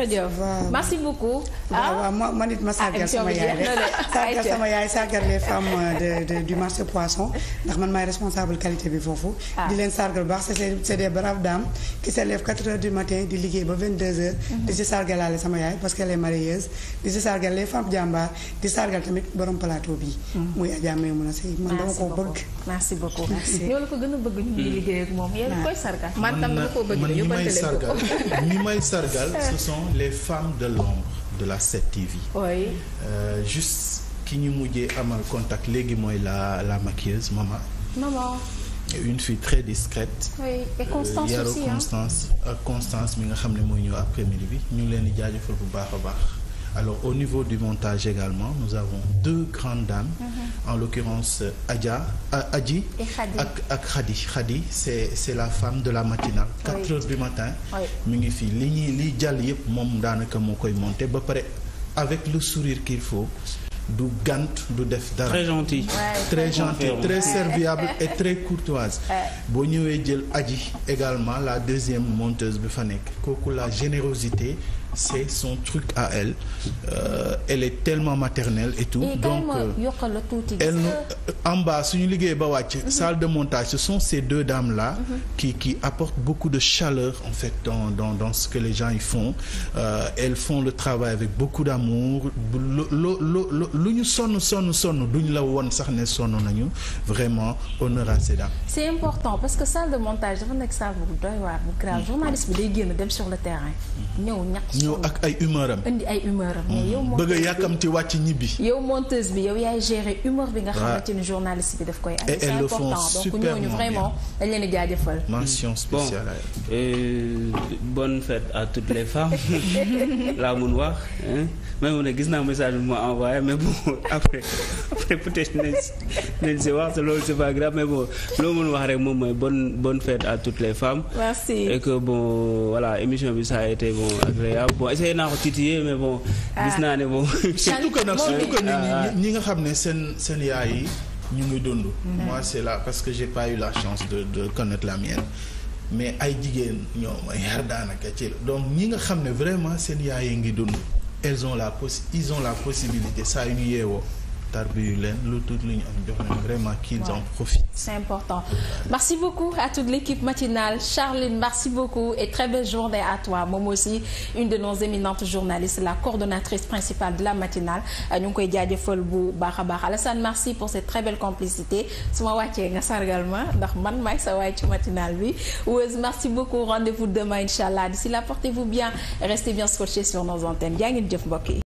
jërëjëf merci beaucoup. waaw man ah? it ma ah, sàggal sama yaay de sàggal sama yaay sàggal les femmes euh, de du marché poisson ndax man maay responsable qualité bi foofu. Ah. di leen sargal bu baax c'est c'est des braves dames qui se lèvent 4 heures du matin di liggéey ba 22 heures. Mhm. di si sargalaale sama yaay parce qu'elle est marieuse di si sargal les femmes jàmbaar di sargal tamit borom plateau bi. Mhm. muy Adja Maimouna Seye man dama koo bëgg. merci beaucoup ko a bëgg ñu ngi sargal. ñu may sargal les femmes de l'ombre de la 7TV. oui euh, juste ki ñu mujjee amal contact léegi mooy la la maquilleuse maman. maman. une fille très discrète. oui et euh, Constance Constance ak Constance mi nga xam ne mooy ñëw après midi bi ñu ngi leen di jaajëfal bu baax a baax. Alors au niveau du montage également, nous avons deux grandes dames, mm -hmm. en l'occurrence Adja, euh, Adji ak Khadi. Khadi c'est la femme de la matinale. 4 heures du matin. mi ngi fii li ñuy li jàll yëpp moom daanaka moo koy monter ba pare avec le sourire qu'il faut du gant du def dara. très gentil très gentil très serviable et très courtoise. boo ñëwee jël aji également la deuxième monteuse bi fa nekk kooku la générosité c'est son truc à elle euh, elle est tellement maternelle et tout donc euh, elle en bas suñu liggéey ba wàcc mhm. salle de montage ce sont ces deux dames là mhm. qui qui apportent beaucoup de chaleur en fait dans ce que les gens y font euh, font le travail avec beaucoup d'amour lu ñu sonn sonn sonn duñ la woon sax ne sonn nañu vraiment honneur c'est important parce que salle de montage dafa nekk salle bu doy waar bu bi day génn dem sur le terrain. ñëw ñàkk ñëw ak ay humeur am. indi ay humeur am mais mm-hmm. bëgg a yàkkamti wàcc ñibbi. yow monteuse bi yow yaay gérer humeur bi nga xamante ni journaliste bi daf koy. et c'est important donc ñooñu vraiment dañ leen di jaajëfal. mention mm. spéciale bon euh, fête à toutes les femmes après après peut-être nañ si wax te loolu c'est pas grave mais bon loo mën wax rek moom mooy bonne bonne fête à toutes les femmes. merci et que bon bi ça naa ko titiller mais bon. Ah. gis naa ne bon. surtout que nag surtout que ah, ah. ñi nga xam ne seen seen yaay yi ñu ngi dund. Mhm. moi c'est là parce que j'ai pas eu la chance de connaître la mienne. mais ay jigéen ñoo ma yar daanaka ci donc ñi nga xam ne vraiment seen yaay yi ngi dund. elles ont la pos ils ont la possibilité sa yu ñu yeewoo tarbiyu leen lu tuuti lu ñu am jox leen vraiment qu'ils en profitent. c'est important merci beaucoup à toute l'équipe matinale Charline merci beaucoup et très belle journée à toi moom aussi une de nos éminentes journalistes la coordonnatrice principale de la matinale euh, ñu ngi koy jaajëfal bu baax a baax Alassane merci pour cette très belle complicité su ma wàccee nga sargal ma ndax man maay sa waay ci matinale bi Wes merci beaucoup rendez-vous demain allah d'ici là portez-vous bien restez bien scotchés sur nos mbokk yi.